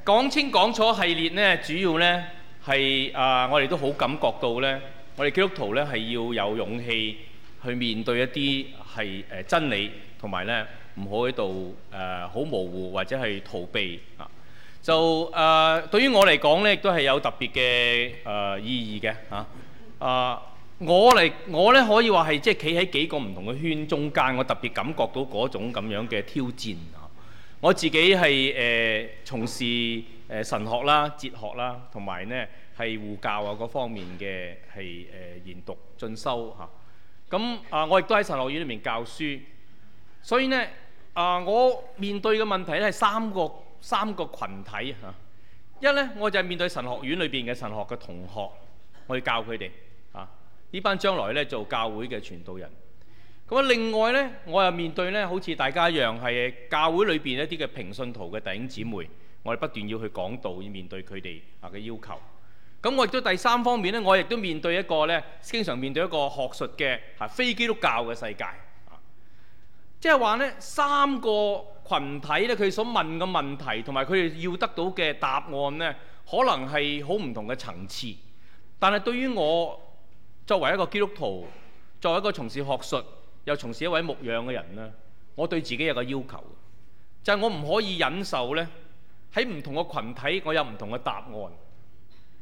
講清講楚系列呢，主要呢係啊，我哋都好感覺到呢，我哋基督徒呢係要有勇氣去面對一啲係誒真理，同埋呢唔好喺度誒好模糊或者係逃避啊。就誒對於我嚟講呢，亦都係有特別嘅誒意義嘅嚇啊！我嚟我呢可以話係即係企喺幾個唔同嘅圈中間，我特別感覺到嗰種咁樣嘅挑戰。我自己係誒、呃、從事誒、呃、神學啦、哲學啦，同埋呢係護教啊嗰方面嘅係誒研讀進修嚇。咁啊，呃、我亦都喺神學院裏面教書，所以呢，啊、呃，我面對嘅問題咧係三個三個羣體嚇、啊。一呢，我就係面對神學院裏邊嘅神學嘅同學，我去教佢哋嚇，呢班將來呢做教會嘅傳道人。咁另外呢，我又面對呢，好似大家一樣係教會裏邊一啲嘅平信徒嘅弟兄姊妹，我哋不斷要去講道，要面對佢哋啊嘅要求。咁我亦都第三方面呢，我亦都面對一個呢，經常面對一個學術嘅啊非基督教嘅世界啊，即係話呢，三個群體呢，佢所問嘅問題同埋佢哋要得到嘅答案呢，可能係好唔同嘅層次。但係對於我作為一個基督徒，作為一個從事學術，又從事一位牧養嘅人呢，我對自己有個要求，就係我唔可以忍受呢，喺唔同嘅群體，我有唔同嘅答案，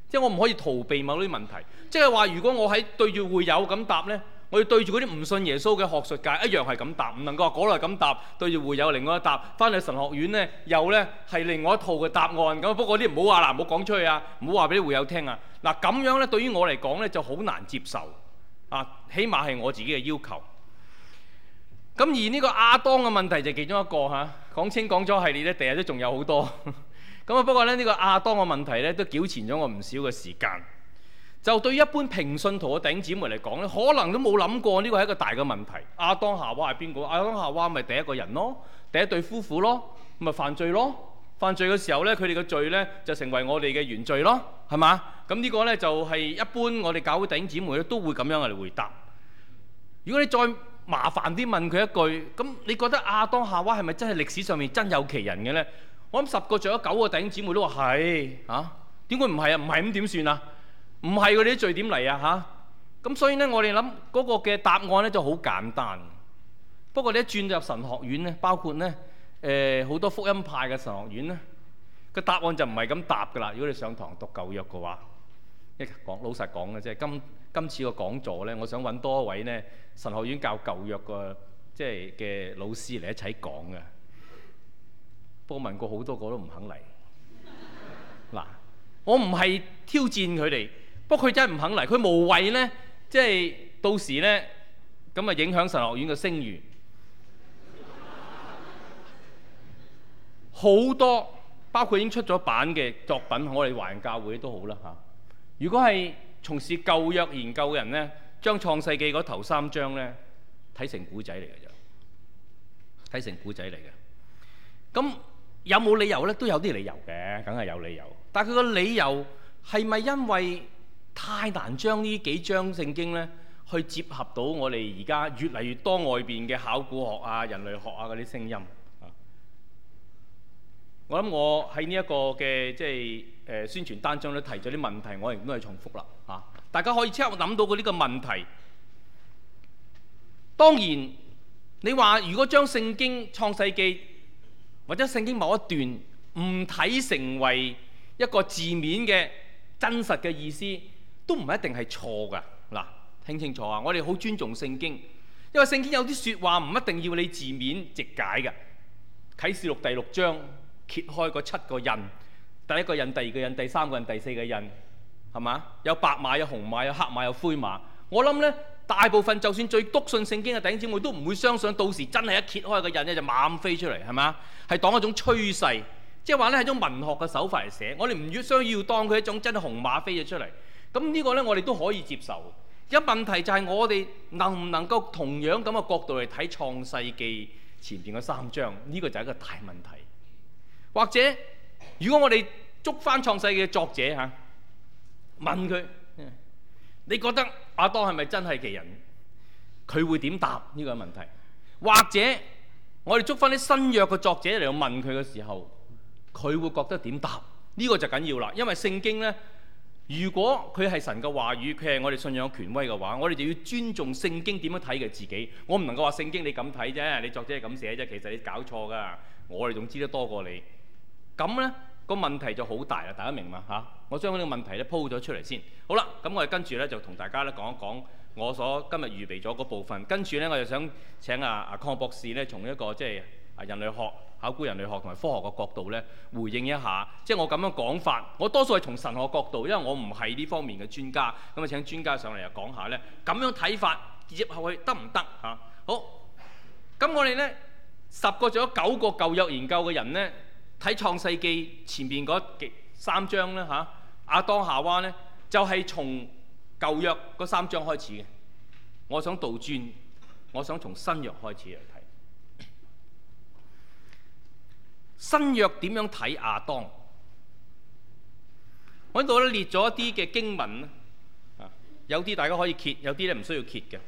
即係我唔可以逃避某啲問題。即係話，如果我喺對住會友咁答呢，我要對住嗰啲唔信耶穌嘅學術界一樣係咁答，唔能夠講嚟咁答對住會友另外一答，翻去神學院呢，又呢係另外一套嘅答案咁。不過啲唔好話啦，唔好講出去啊，唔好話俾啲會友聽啊。嗱咁樣呢，對於我嚟講呢，就好難接受啊，起碼係我自己嘅要求。咁而呢個亞當嘅問題就其中一個嚇，講、啊、清講咗系列咧，第日都仲有好多。咁啊，不過咧呢、這個亞當嘅問題咧都糾纏咗我唔少嘅時間。就對一般平信徒嘅弟兄姊妹嚟講咧，可能都冇諗過呢個係一個大嘅問題。亞當夏娃係邊個？亞當夏娃咪第一個人咯，第一對夫婦咯，咪犯，犯罪咯？犯罪嘅時候咧，佢哋嘅罪咧就成為我哋嘅原罪咯，係嘛？咁呢個咧就係、是、一般我哋教會弟兄姊妹咧都會咁樣嚟回答。如果你再麻煩啲問佢一句，咁你覺得亞當夏娃係咪真係歷史上面真有其人嘅呢？我諗十個著咗九個弟兄姊妹都話係，嚇點會唔係啊？唔係咁點算啊？唔係嗰啲罪點嚟啊？嚇咁、啊啊、所以呢，我哋諗嗰個嘅答案呢就好簡單。不過你一轉入神學院呢，包括呢誒好、呃、多福音派嘅神學院呢，個答案就唔係咁答㗎啦。如果你上堂讀舊約嘅話。一講，老實講嘅，即係今今次個講座咧，我想揾多一位咧神學院教舊約個即係嘅老師嚟一齊講嘅。不過問過好多個都唔肯嚟。嗱， 我唔係挑戰佢哋，不過佢真係唔肯嚟，佢無謂咧，即係到時咧，咁啊影響神學院嘅聲譽。 好多包括已經出咗版嘅作品，我哋華人教會都好啦嚇。如果係從事舊約研究嘅人呢，將創世記嗰頭三章呢，睇成古仔嚟嘅就，睇成古仔嚟嘅。咁有冇理由呢？都有啲理由嘅，梗係有理由。但係佢個理由係咪因為太難將呢幾章聖經呢去結合到我哋而家越嚟越多外邊嘅考古學啊、人類學啊嗰啲聲音？我諗我喺呢一個嘅即係誒宣傳單張咧提咗啲問題，我亦都係重複啦吓、啊。大家可以即刻諗到個呢個問題。當然，你話如果將聖經創世記或者聖經某一段唔睇成為一個字面嘅真實嘅意思，都唔一定係錯噶。嗱、啊，聽清楚啊！我哋好尊重聖經，因為聖經有啲說話唔一定要你字面直解嘅。啟示錄第六章。揭開個七個印，第一個印、第二個印、第三個印、第四個印，係嘛？有白馬、有紅馬、有黑馬、有灰馬。我諗呢，大部分就算最篤信聖經嘅弟兄姊妹，都唔會相信到時真係一揭開個印呢就猛飛出嚟，係嘛？係當一種趨勢，即係話呢係一種文學嘅手法嚟寫。我哋唔要想要當佢一種真紅馬飛咗出嚟，咁呢個呢，我哋都可以接受。有問題就係我哋能唔能夠同樣咁嘅角度嚟睇創世記前邊嘅三章？呢個就係一個大問題。或者，如果我哋捉翻創世記嘅作者嚇，問佢，你覺得亞當係咪真係其人？佢會點答呢個問題？或者我哋捉翻啲新約嘅作者嚟又問佢嘅時候，佢會覺得點答？呢個就緊要啦，因為聖經呢，如果佢係神嘅話語，佢係我哋信仰嘅權威嘅話，我哋就要尊重聖經點樣睇佢自己。我唔能夠話聖經你咁睇啫，你作者係咁寫啫，其實你搞錯噶。我哋仲知得多過你。咁呢個問題就好大啦，大家明嘛嚇、啊？我將呢個問題咧鋪咗出嚟先。好啦，咁我哋跟住呢，就同大家咧講一講我所今日預備咗嗰部分。跟住呢，我就想請阿、啊、阿康博士呢，從一個即係人類學、考古人類學同埋科學嘅角度呢，回應一下，即係我咁樣講法。我多數係從神學角度，因為我唔係呢方面嘅專家，咁啊請專家上嚟又講下呢，咁樣睇法接下去得唔得嚇？好，咁我哋呢，十個仲有九個舊約研究嘅人呢。睇《創世記》前面嗰三章呢，嚇、啊，亞當夏娃呢，就係、是、從舊約嗰三章開始嘅。我想倒轉，我想從新約開始嚟睇。新約點樣睇亞當？我喺度咧列咗一啲嘅經文啊，有啲大家可以揭，有啲咧唔需要揭嘅。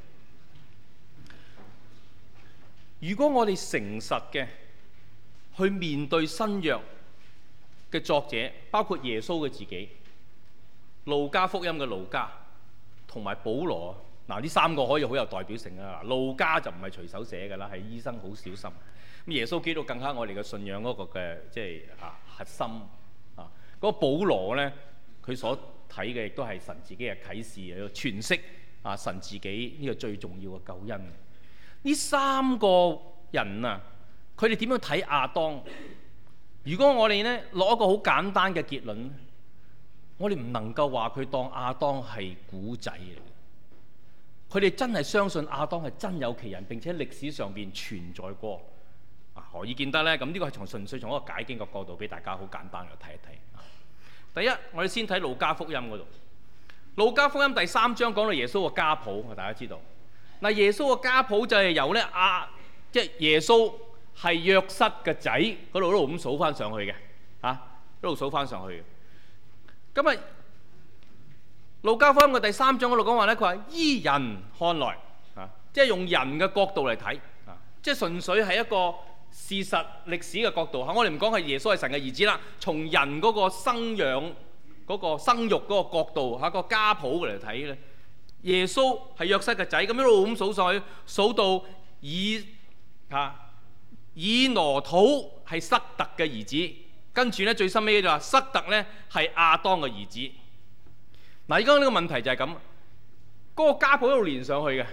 如果我哋誠實嘅，去面對新約嘅作者，包括耶穌嘅自己、路加福音嘅路加同埋保羅。嗱，呢三個可以好有代表性啊！路加就唔係隨手寫嘅啦，係醫生好小心。咁耶穌基督更加我哋嘅信仰嗰個嘅即係啊核心啊。嗰、嗰個保羅咧，佢所睇嘅亦都係神自己嘅啟示，要詮釋啊神自己呢個最重要嘅救恩。呢三個人啊！佢哋點樣睇亞當？如果我哋咧攞一個好簡單嘅結論，我哋唔能夠話佢當亞當係古仔嚟嘅。佢哋真係相信亞當係真有其人，並且歷史上邊存在過。何以見得咧？咁呢個係從純粹從一個解經嘅角度俾大家好簡單嘅睇一睇。第一，我哋先睇路加福音嗰度。路加福音第三章講到耶穌嘅家譜，大家知道嗱。耶穌嘅家譜就係由咧亞、啊、即係耶穌。係約瑟嘅仔，嗰度一路咁數翻上去嘅，嚇一路數翻上去嘅。咁啊，路加福音嘅第三章嗰度講話咧，佢話依人看來嚇，即係用人嘅角度嚟睇，即係純粹係一個事實歷史嘅角度嚇。我哋唔講係耶穌係神嘅兒子啦，從人嗰個生養嗰個生育嗰個角度嚇，個家譜嚟睇咧，耶穌係約瑟嘅仔，咁一路咁數上去，數到以嚇。啊以挪土係塞特嘅兒子，跟住咧最深屘就話塞特咧係亞當嘅兒子。嗱，而家呢個問題就係咁，嗰、那個家譜一路連上去嘅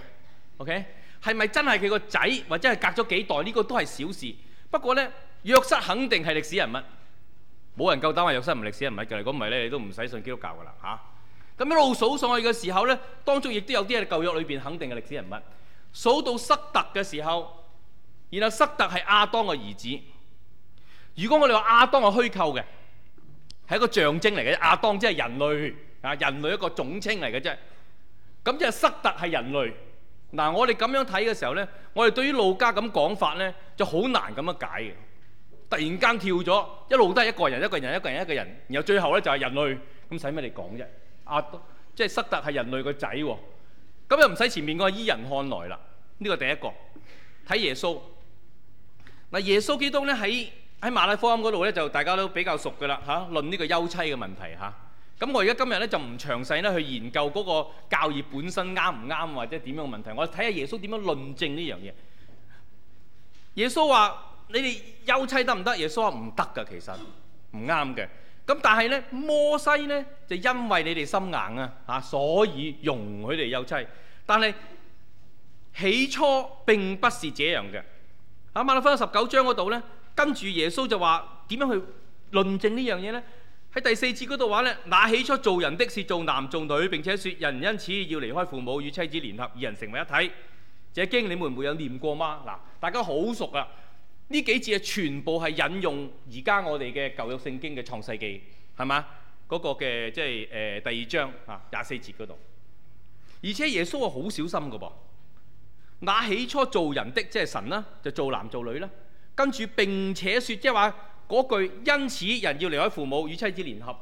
，OK？係咪真係佢個仔，或者係隔咗幾代？呢、這個都係小事。不過咧，約瑟肯定係歷史人物，冇人夠膽話約瑟唔係歷史人物㗎。如果唔係咧，你都唔使信基督教㗎啦嚇。咁、啊、一路數上去嘅時候咧，當中亦都有啲係舊約裏邊肯定嘅歷史人物。數到塞特嘅時候。然後塞特係亞當嘅兒子。如果我哋話亞當係虛構嘅，係一個象徵嚟嘅，亞當即係人類啊，人類一個總稱嚟嘅啫。咁即係塞特係人類。嗱，我哋咁樣睇嘅時候咧，我哋對於路加咁講法咧就好難咁樣解嘅。突然間跳咗，一路都係一個人，一個人，一個人，一個人。然後最後咧就係人類。咁使乜你講啫？亞當，即係塞特係人類個仔。咁又唔使前面嗰個伊人看來啦。呢個第一個睇耶穌。嗱，耶穌基督咧喺喺馬可福音嗰度咧，就大家都比較熟嘅啦嚇。論、啊、呢個休妻嘅問題嚇，咁、啊、我而家今日咧就唔詳細咧去研究嗰個教義本身啱唔啱或者點樣嘅問題，我睇下耶穌點樣論證呢樣嘢。耶穌話：你哋休妻得唔得？耶穌話唔得嘅，其實唔啱嘅。咁但係咧，摩西咧就因為你哋心硬啊嚇，所以容許你哋休妻。但係起初並不是這樣嘅。啊，馬利夫十九章嗰度呢，跟住耶穌就話點樣去論證呢樣嘢呢？喺第四節嗰度話呢，那起初做人的是做男做女，並且説人因此要離開父母與妻子聯合，二人成為一體。這經你們沒有念過嗎？嗱，大家好熟啊！呢幾節係全部係引用而家我哋嘅舊約聖經嘅創世記，係嘛？嗰個嘅即係誒第二章啊，廿四節嗰度。而且耶穌係好小心嘅噃。那起初做人的即係神啦，就做男做女啦。跟住並且説，即係話嗰句，因此人要離開父母與妻子聯合，二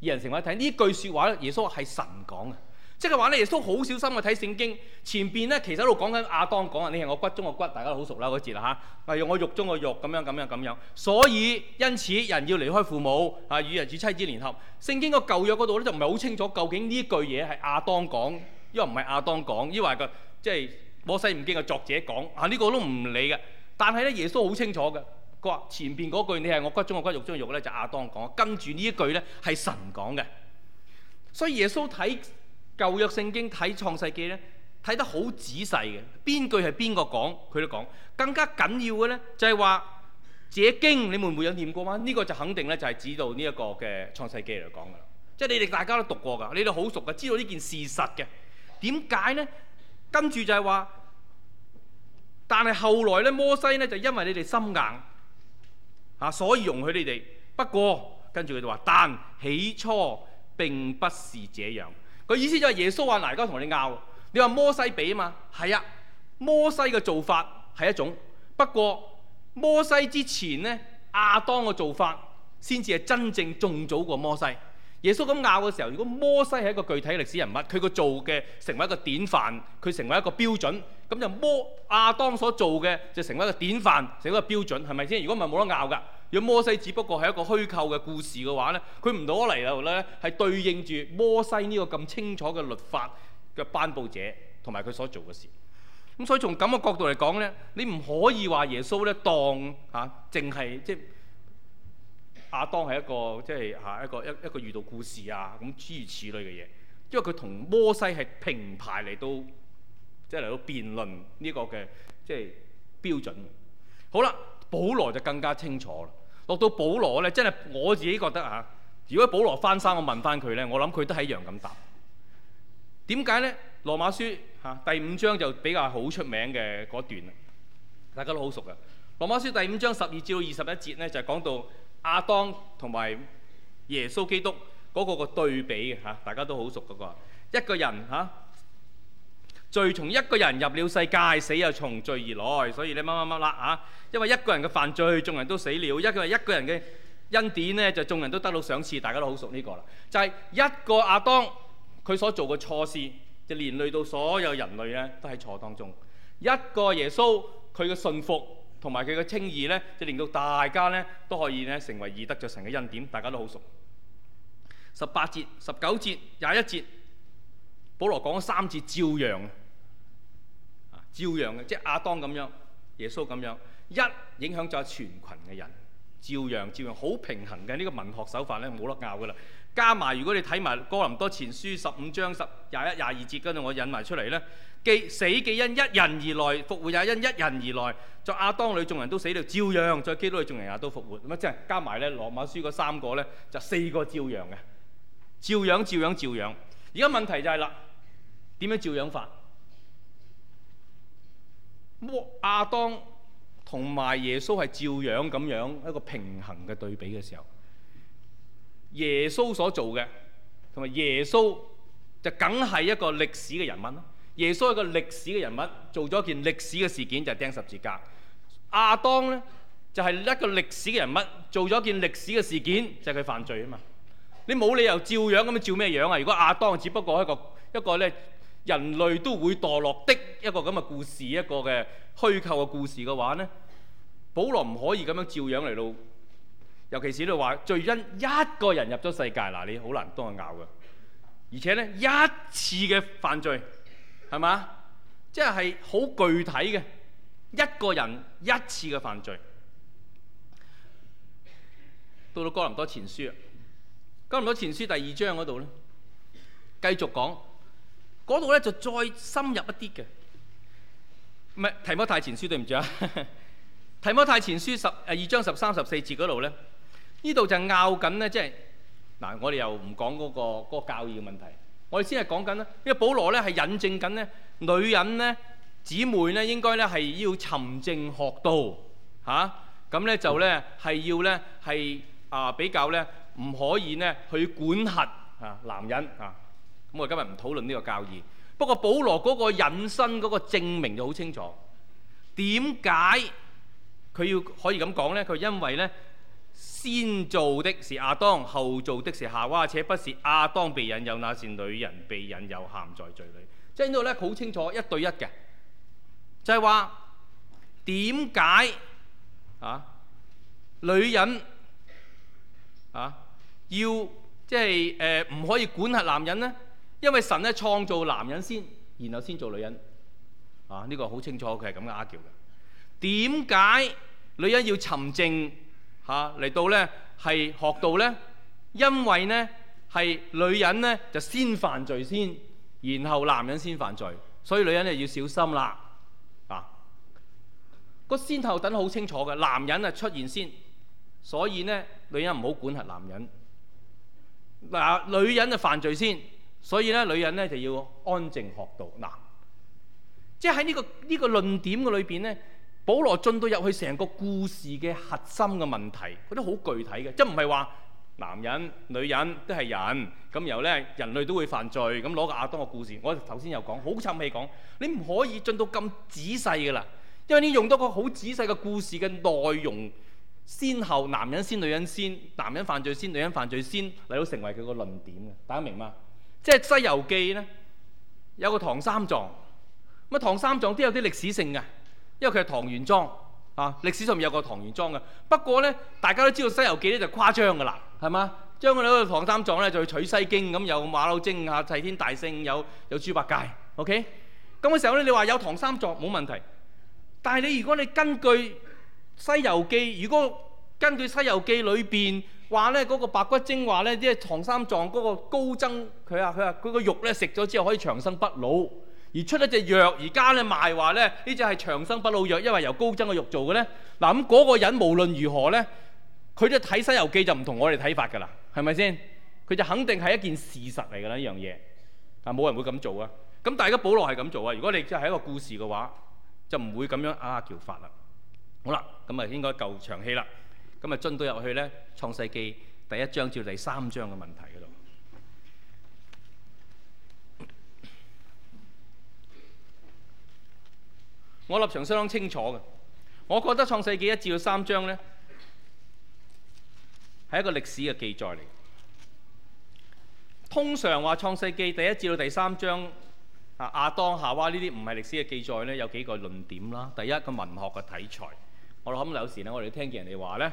人成為一體。呢句説話咧，耶穌係神講嘅，即係話咧，耶穌好小心去睇聖經前邊咧，其實喺度講緊亞當講啊，你係我骨中嘅骨，大家都好熟啦嗰字啦嚇，用、啊、我肉中嘅肉咁樣咁樣咁樣。所以因此人要離開父母啊，與人與妻子聯合。聖經個舊約嗰度咧就唔係好清楚，究竟呢句嘢係亞當講，因為唔係亞當講，因為係個即係。我細唔記個作者講，啊呢、這個都唔理嘅。但係咧耶穌好清楚嘅，佢話前邊嗰句你係我骨中嘅骨、肉中嘅肉咧，就亞、是、當講，跟住呢一句咧係神講嘅。所以耶穌睇舊約聖經，睇創世記咧睇得好仔細嘅，邊句係邊個講佢都講。更加緊要嘅咧就係、是、話這經你們唔會有念過嗎？呢、這個就肯定咧就係指到呢一個嘅創世記嚟講噶啦，即、就、係、是、你哋大家都讀過噶，你哋好熟噶，知道呢件事實嘅。點解咧？跟住就係話。但係後來咧，摩西咧就因為你哋心硬，嚇、啊，所以容許你哋。不過跟住佢就話：但起初並不是這樣。個意思就係耶穌話、啊：嗱，而家同你拗，你話摩西畀啊嘛？係啊，摩西嘅做法係一種。不過摩西之前咧，亞當嘅做法先至係真正仲早過摩西。耶穌咁拗嘅時候，如果摩西係一個具體歷史人物，佢個做嘅成為一個典範，佢成為一個標準。咁就摩亞當所做嘅就成為一個典範，成為一個標準，係咪先？如果唔係冇得拗噶。如果摩西只不過係一個虛構嘅故事嘅話咧，佢唔攞嚟度咧係對應住摩西呢個咁清楚嘅律法嘅頒布者同埋佢所做嘅事。咁所以從咁嘅角度嚟講咧，你唔可以話耶穌咧當嚇，淨、啊、係即係亞當係一個即係嚇、啊、一個一一個喻道故事啊咁諸如此類嘅嘢。因為佢同摩西係平排嚟到。即係嚟到辯論呢個嘅即係標準。好啦，保羅就更加清楚啦。落到保羅呢，真係我自己覺得嚇、啊，如果保羅翻生，我問翻佢呢，我諗佢都係一樣咁答。點解呢？羅馬書嚇、啊、第五章就比較好出名嘅嗰段、就是、那啊，大家都好熟啊。羅馬書第五章十二至到二十一節呢，就講到亞當同埋耶穌基督嗰個個對比嘅，大家都好熟嗰個。一個人嚇。啊。罪從一個人入了世界，死又從罪而來，所以你乜乜乜啦啊！因為一個人嘅犯罪，眾人都死了；一個一個人嘅恩典呢就眾人都得到賞賜，大家都好熟呢個啦，就係、是、一個亞當佢所做嘅錯事，就連累到所有人類呢，都喺錯當中；一個耶穌佢嘅信服同埋佢嘅稱義呢，就令到大家呢，都可以呢成為義德著成嘅恩典，大家都好熟。十八節、十九節、廿一節，保羅講咗三節，照樣。照樣嘅，即係亞當咁樣，耶穌咁樣，一影響咗全群嘅人，照樣照樣好平衡嘅呢個文學手法咧，冇得拗噶啦。加埋如果你睇埋哥林多前書十五章十廿一廿二節跟住我引埋出嚟咧，既死既因一人而來，復活也因一人而來，在亞當裏眾人都死了，照樣在基督裏眾人也都復活。咁啊，即係加埋咧羅馬書嗰三個咧，就四個照樣嘅，照樣照樣照樣。而家問題就係啦，點樣照樣法？阿當同埋耶穌係照樣咁樣一個平衡嘅對比嘅時候，耶穌所做嘅同埋耶穌就梗係一個歷史嘅人物咯。耶穌係一個歷史嘅人物做咗件歷史嘅事件就係釘十字架，阿當呢，就係一個歷史嘅人物做咗件歷史嘅事件就係佢犯罪啊嘛。你冇理由照樣咁樣照咩樣啊？如果阿當只不過係一個一個咧，人類都會墮落的一個咁嘅故事，一個嘅虛構嘅故事嘅話呢，保羅唔可以咁樣照樣嚟到，尤其是呢度話罪因一個人入咗世界，嗱你好難當我咬嘅，而且呢，一次嘅犯罪係嘛，即係係好具體嘅一個人一次嘅犯罪。到到哥林多前書啊，哥林多前書第二章嗰度呢，繼續講。嗰度咧就再深入一啲嘅，唔係提摩太前書，對唔住啊！提摩太前書十誒二章十三十四節嗰度咧，呢度就拗緊咧，即係嗱，我哋又唔講嗰個嗰個教義嘅問題，我哋先係講緊啦，因為保羅咧係引證緊咧，女人咧姊妹咧應該咧係要沉靜學道嚇，咁咧就咧係要咧係啊比較咧唔可以咧去管轄啊男人啊。我今日唔討論呢個教義。不過保羅嗰個引申嗰個證明就好清楚。點解佢要可以咁講呢？佢因為呢先做的是亞當，後做的是夏娃，且不是亞當被引誘，乃是女人被引誘陷在罪裏。即係呢度呢好清楚一對一嘅，就係話點解啊女人啊要即係誒唔可以管轄男人呢？因為神咧創造男人先，然後先做女人，啊呢、這個好清楚，佢係咁嘅阿叫嘅。點解女人要沉靜吓嚟、啊、到呢係學到呢，因為呢係女人呢就先犯罪先，然後男人先犯罪，所以女人就要小心啦，個、啊、先後等好清楚嘅。男人啊出現先，所以呢女人唔好管轄男人。嗱、啊，女人啊犯罪先。所以咧，女人咧就要安靜學道。嗱。即喺呢個呢個論點嘅裏邊咧，保羅進到入去成個故事嘅核心嘅問題，嗰啲好具體嘅，即唔係話男人、女人都係人咁，然後咧人類都會犯罪，咁攞個亞當嘅故事，我頭先又講，好沉氣講，你唔可以進到咁仔細噶啦，因為你用到個好仔細嘅故事嘅內容，先後男人先、女人先，男人犯罪先、女人犯罪先嚟到成為佢個論點嘅，大家明嗎？即係《西遊記》呢，有個唐三藏，咁唐三藏都有啲歷史性嘅，因為佢係唐玄奘啊，歷史上面有個唐玄奘嘅。不過呢，大家都知道西遊《西遊記》呢就誇張㗎啦，係嘛？將個唐三藏呢，就去取西經咁，有馬騮精啊、齊天大聖、有有豬八戒，OK。咁嘅時候呢，你話有唐三藏冇問題，但係你如果你根據《西遊記》，如果根據西遊《西遊記》裏邊，話咧嗰個白骨精話咧，即係唐三藏嗰個高僧，佢啊佢啊佢個肉咧食咗之後可以長生不老，而出咗一隻藥，而家咧賣話咧呢隻係長生不老藥，因為由高僧嘅肉做嘅咧。嗱咁嗰個人無論如何咧，佢都睇《西遊記》就唔同我哋睇法㗎啦，係咪先？佢就肯定係一件事實嚟㗎啦，呢樣嘢。但冇人會咁做啊！咁大家保羅係咁做啊！如果你即係一個故事嘅話，就唔會咁樣啊叫法啦。好啦，咁啊應該夠長氣啦。咁啊，進到入去咧，《創世記》第一章至第三章嘅問題嗰度，我立場相當清楚嘅。我覺得《創世記》一至到三章咧，係一個歷史嘅記載嚟。通常話《創世記》第一至到第三章啊，亞當、夏娃呢啲唔係歷史嘅記載咧，有幾個論點啦。第一個，文學嘅題材。我諗有時咧，我哋聽見人哋話咧。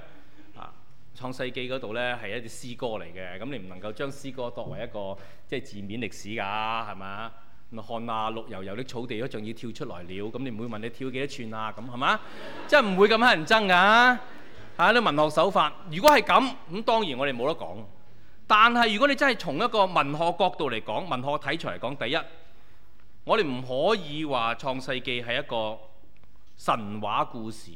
創世記嗰度呢，係一啲詩歌嚟嘅，咁你唔能夠將詩歌作為一個即係字面歷史㗎，係嘛？看啊綠油油的草地都仲要跳出來了。咁你唔會問你跳幾多寸啊？咁係嘛？即係唔會咁乞人憎㗎，嚇 啲、啊、文學手法。如果係咁，咁當然我哋冇得講。但係如果你真係從一個文學角度嚟講，文學體裁嚟講，第一，我哋唔可以話創世記係一個神話故事。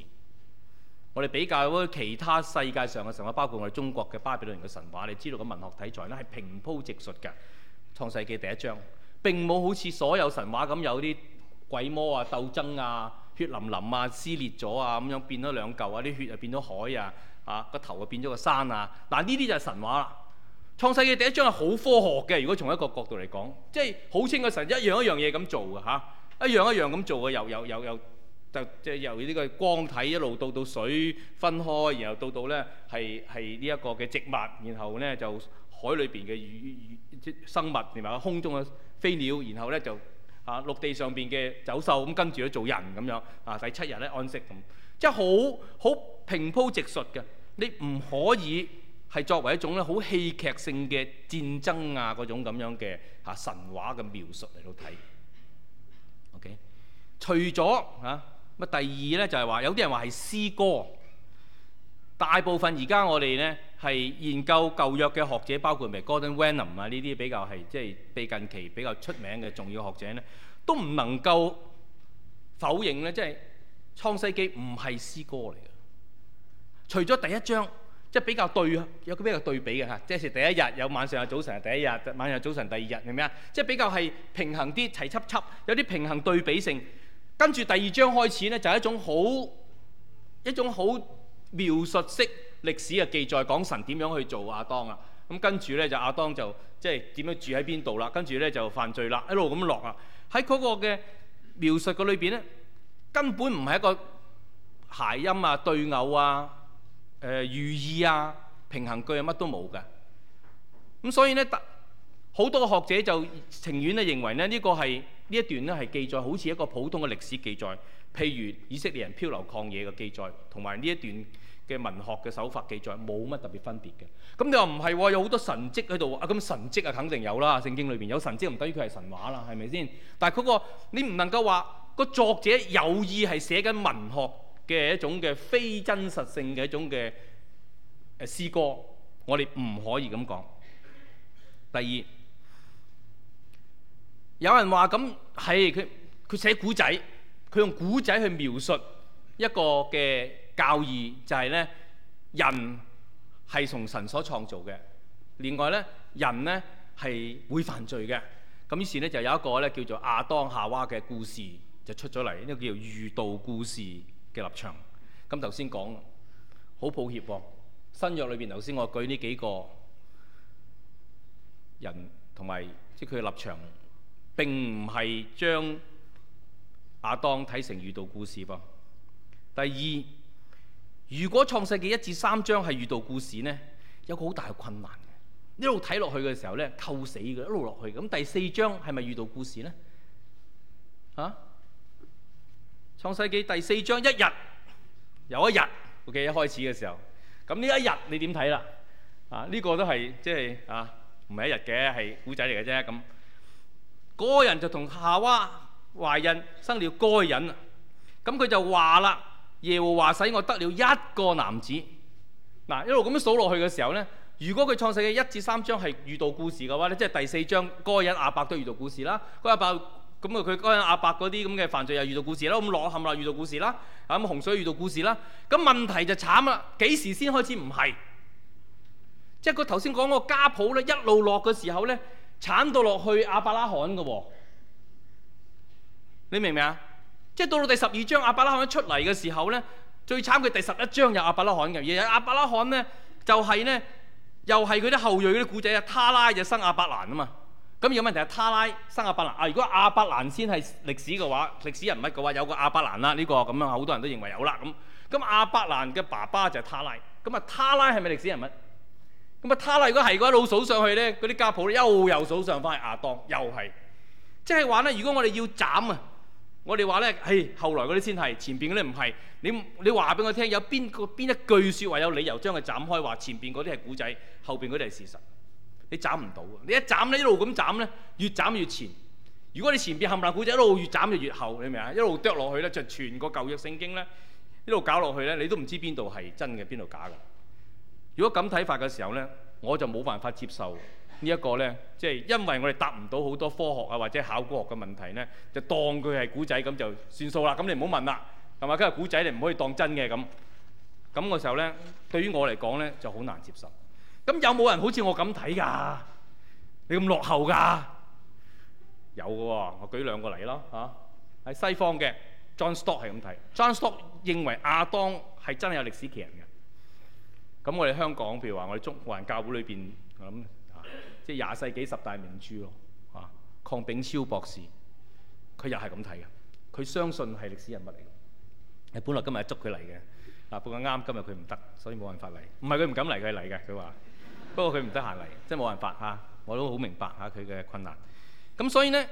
我哋比較其他世界上嘅神話，包括我哋中國嘅巴比倫嘅神話，你知道嘅文學體裁咧係平鋪直述嘅。《創世記》第一章，並冇好似所有神話咁有啲鬼魔啊鬥爭啊、血淋淋啊、撕裂咗啊，咁樣變咗兩嚿啊，啲血啊變咗海啊，啊個頭啊變咗個山啊，嗱呢啲就係神話啦，《創世記》第一章係好科學嘅，如果從一個角度嚟講，即係好清個神一樣一樣嘢咁做嘅嚇，一樣一樣咁做嘅又又又又。啊一樣一樣就即係由呢個光體一路到到水分開，然後到到咧係係呢一個嘅植物，然後咧就海裏邊嘅魚魚生物，連埋喺空中嘅飛鳥，然後咧就啊陸地上邊嘅走獸咁跟住去做人咁樣啊，第七日咧安息咁，即係好好平鋪直述嘅，你唔可以係作為一種咧好戲劇性嘅戰爭啊嗰種咁樣嘅嚇神話嘅描述嚟到睇。OK，除咗啊。咁第二咧就係話有啲人話係詩歌，大部分而家我哋咧係研究舊約嘅學者，包括咪 Gordon Wenham 啊呢啲比較係即係最近期比較出名嘅重要的學者咧，都唔能夠否認咧，即係創世記唔係詩歌嚟嘅。除咗第一章，即係比較對有個比較對比嘅吓，即係第一日有晚上有早晨，第一日晚上有早晨第二日，明唔明啊？即係比較係平衡啲齊輯輯，有啲平衡對比性。跟住第二章開始呢，就係一種好一種好描述式歷史嘅記載，講神點樣去做亞當啊。咁跟住呢，就亞當就即係點樣住喺邊度啦，跟住呢，就犯罪啦，一路咁落啊。喺嗰個嘅描述嘅裏邊呢，根本唔係一個諧音啊、對偶啊、誒、呃、寓意啊、平衡句啊，乜都冇嘅。咁所以呢。好多學者就情願咧認為咧呢、這個係呢一段咧係記載好似一個普通嘅歷史記載，譬如以色列人漂流曠野嘅記載，同埋呢一段嘅文學嘅手法記載冇乜特別分別嘅。咁你話唔係喎？有好多神蹟喺度啊！咁、啊、神蹟啊，肯定有啦。聖經裏邊有神蹟，唔等於佢係神話啦，係咪先？但係嗰、那個你唔能夠話、那個作者有意係寫緊文學嘅一種嘅非真實性嘅一種嘅誒詩歌，我哋唔可以咁講。第二。有人話咁係佢佢寫古仔，佢用古仔去描述一個嘅教義，就係、是、咧人係從神所創造嘅。另外咧，人咧係會犯罪嘅。咁於是咧就有一個咧叫做亞當夏娃嘅故事就出咗嚟，呢個叫做「喻道故事」嘅立場。咁頭先講好抱歉喎、哦，新約裏邊頭先我舉呢幾個人同埋即係佢嘅立場。並唔係將亞當睇成喻道故事噃。第二，如果創世記一至三章係喻道故事呢，有個好大嘅困難，一路睇落去嘅時候呢，透死嘅，一路落去。咁第四章係咪喻道故事呢？嚇！創世記第四章一日有一日我記得開始嘅時候。咁呢一日你點睇啦？啊，呢個都係即係啊，唔係一日嘅，係古仔嚟嘅啫咁。嗰人就同夏娃懷孕生了該隱啊，咁佢就話啦：耶和華使我得了一個男子。嗱，一路咁樣數落去嘅時候呢，如果佢創世嘅一至三章係遇到故事嘅話呢，即係第四章該隱亞伯都遇到故事啦。佢亞伯咁啊，佢該隱亞伯嗰啲咁嘅犯罪又遇到故事啦。咁落陷落遇到故事啦，咁洪水遇到故事啦。咁問題就慘啦，幾時先開始唔係？即係佢頭先講個家譜呢，一路落嘅時候呢。產到落去亞伯拉罕嘅喎、哦，你明唔明啊？即係到到第十二章亞伯拉罕出嚟嘅時候咧，最慘嘅第十一章有亞伯拉罕嘅。而亞伯拉罕咧就係、是、咧，又係佢啲後裔嗰啲古仔啊。他拉就生亞伯蘭啊嘛。咁有問題啊？他拉生亞伯蘭啊？如果亞伯蘭先係歷史嘅話，歷史人物嘅話，有個亞伯蘭啦，呢、這個咁樣好多人都認為有啦咁。咁亞伯蘭嘅爸爸就係他拉，咁啊他拉係咪歷史人物？咁啊，他啦！如果係嘅一路數上去呢，嗰啲家譜又又數上翻亞當，又係。即係話呢，如果我哋要斬啊，我哋話呢，係後來嗰啲先係，前邊嗰啲唔係。你你話俾我聽，有邊個邊一句説話有理由將佢斬開？話前邊嗰啲係古仔，後邊嗰啲係事實。你斬唔到啊，你一斬咧，一路咁斬呢，越斬越前。如果你前邊冚唪爛古仔，一路越斬就越後，你明唔明啊？一路啄落去呢，就全個舊約聖經呢，一路搞落去呢，你都唔知邊度係真嘅，邊度假㗎。如果咁睇法嘅時候咧，我就冇辦法接受呢一個咧，即係因為我哋答唔到好多科學啊或者考古學嘅問題咧，就當佢係古仔咁就算數啦。咁你唔好問啦，係嘛？梗係古仔你唔可以當真嘅咁。咁嘅時候咧，對於我嚟講咧就好難接受。咁有冇人好似我咁睇㗎？你咁落後㗎？有㗎喎，我舉兩個例咯嚇。喺西方嘅 John Stott 係咁睇，John Stott 認為亞當係真係有歷史奇人嘅。咁我哋香港，譬如話我哋中環教會裏邊，我諗啊，即係廿世紀十大名著咯，啊，康炳超博士，佢又係咁睇嘅，佢相信係歷史人物嚟嘅。係本來今日捉佢嚟嘅，啊，不過啱今日佢唔得，所以冇辦法嚟。唔係佢唔敢嚟，佢嚟嘅。佢話，不過佢唔得閒嚟，即係冇辦法嚇。我都好明白嚇佢嘅困難。咁所以咧，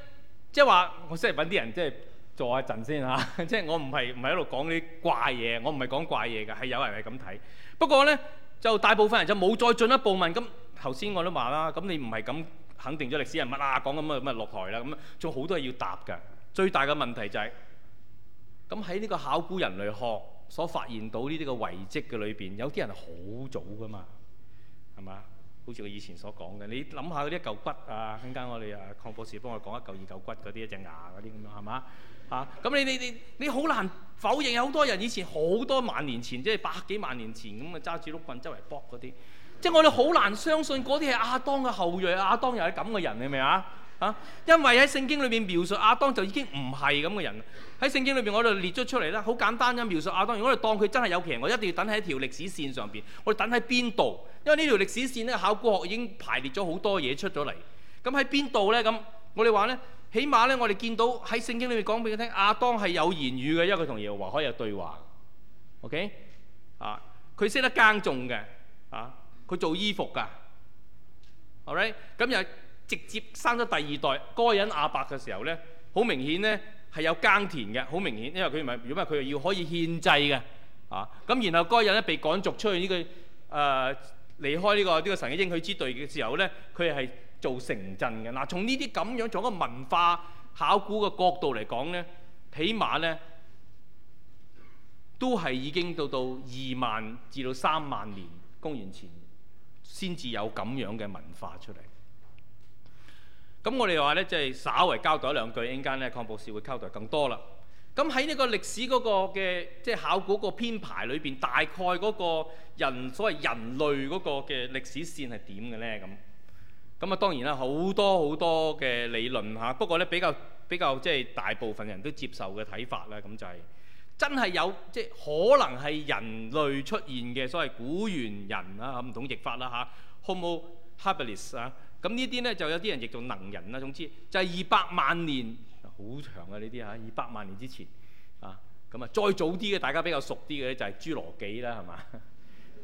即係話我即係揾啲人即係、就是、坐一陣先嚇，即、啊、係、就是、我唔係唔係喺度講啲怪嘢，我唔係講怪嘢㗎，係有人係咁睇。不過咧。就大部分人就冇再進一步問咁。頭先我都話啦，咁你唔係咁肯定咗歷史人物啊，講咁啊乜落台啦，咁仲好多嘢要答嘅。最大嘅問題就係咁，喺呢個考古人類學所發現到呢啲個遺跡嘅裏邊，有啲人係好早噶嘛，係嘛？好似我以前所講嘅，你諗下嗰啲一嚿骨啊，陣間我哋啊，鄺博士幫我講一嚿二嚿骨嗰啲，一隻牙嗰啲咁樣，係嘛？嚇、啊！咁你你你你好難否認有好多人以前好多萬年前，即係百幾萬年前咁啊，揸住碌棍周圍卜嗰啲。即係我哋好難相信嗰啲係亞當嘅後裔。亞當又係咁嘅人係咪啊？啊！因為喺聖經裏邊描述亞當就已經唔係咁嘅人。喺聖經裏邊我哋列咗出嚟啦，好簡單咁描述亞當。如果我哋當佢真係有其人，我一定要等喺條歷史線上邊。我哋等喺邊度？因為呢條歷史線咧，考古學已經排列咗好多嘢出咗嚟。咁喺邊度呢？咁我哋話呢。起碼咧，我哋見到喺聖經裏面講俾佢聽，亞當係有言語嘅，因為佢同耶和華可以有對話。OK 啊，佢識得耕種嘅啊，佢做衣服㗎。OK，咁、right？又直接生咗第二代該隱亞伯嘅時候咧，好明顯咧係有耕田嘅，好明顯，因為佢唔係，如果唔係佢又要可以獻祭嘅啊。咁然後該隱咧被趕逐出去呢、這個誒、呃、離開呢、這個呢、這個神嘅應許之隊嘅時候咧，佢係。做城鎮嘅嗱，從呢啲咁樣做一個文化考古嘅角度嚟講呢，起碼呢，都係已經到到二萬至到三萬年公元前，先至有咁樣嘅文化出嚟。咁我哋話呢，即係稍為交代一兩句，應間呢，康博士會交代更多啦。咁喺呢個歷史嗰個嘅即係考古個編排裏邊，大概嗰個人所謂人類嗰個嘅歷史線係點嘅呢？咁。咁啊，當然啦，好多好多嘅理論嚇，不過咧比較比較即係大部分人都接受嘅睇法啦，咁就係真係有即係、就是、可能係人類出現嘅所謂古猿人啦，唔同譯法啦吓，Homo habilis 啊，咁呢啲咧就有啲人譯做能人啦，總之就係二百萬年，好長啊呢啲嚇，二百萬年之前啊，咁啊再早啲嘅大家比較熟啲嘅咧就係侏羅紀啦，係嘛？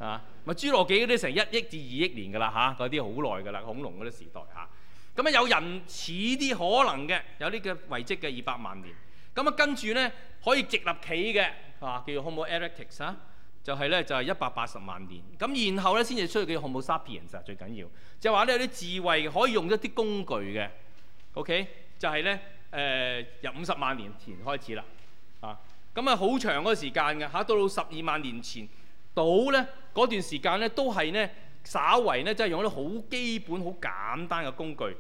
啊，咪侏羅紀嗰啲成一億至二億年噶啦嚇，嗰啲好耐噶啦，恐龍嗰啲時代嚇。咁啊、嗯、有人似啲可能嘅，有啲嘅遺跡嘅二百萬年。咁啊跟住咧可以直立企嘅啊，叫做 Homo erectus 啊，就係、是、咧就係一百八十萬年。咁、啊、然後咧先至出嚟叫 Homo sapiens 啊，最緊要就係、是、話呢有啲智慧可以用一啲工具嘅。OK，就係咧誒，由五十萬年前開始啦。啊，咁啊好、嗯、長個時間㗎嚇，到到十二萬年前到咧。嗰段時間咧，都係咧，稍為咧，即係用一啲好基本、好簡單嘅工具。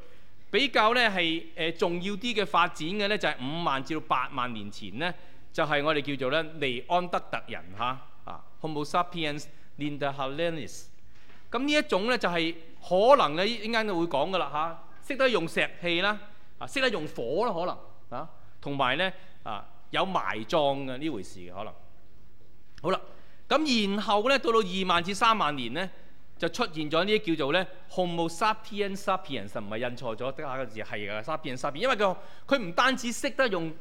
比較咧係誒重要啲嘅發展嘅咧，就係五萬至到八萬年前咧，就係我哋叫做咧尼安德特人嚇啊，Homo sapiens neanderthalensis。咁呢一種咧就係可能咧，依間都會講噶啦吓，識得用石器啦，啊識得用火啦，可能啊，同埋咧啊有埋葬嘅呢回事嘅可能。好啦。咁然後咧，到到二萬至三萬年咧，就出現咗呢啲叫做咧紅木薩皮恩薩皮恩，sapiens sapiens, 實唔係印錯咗，得、那、下個字係嘅薩皮恩薩皮，sapiens, sapiens, 因為佢佢唔單止識得用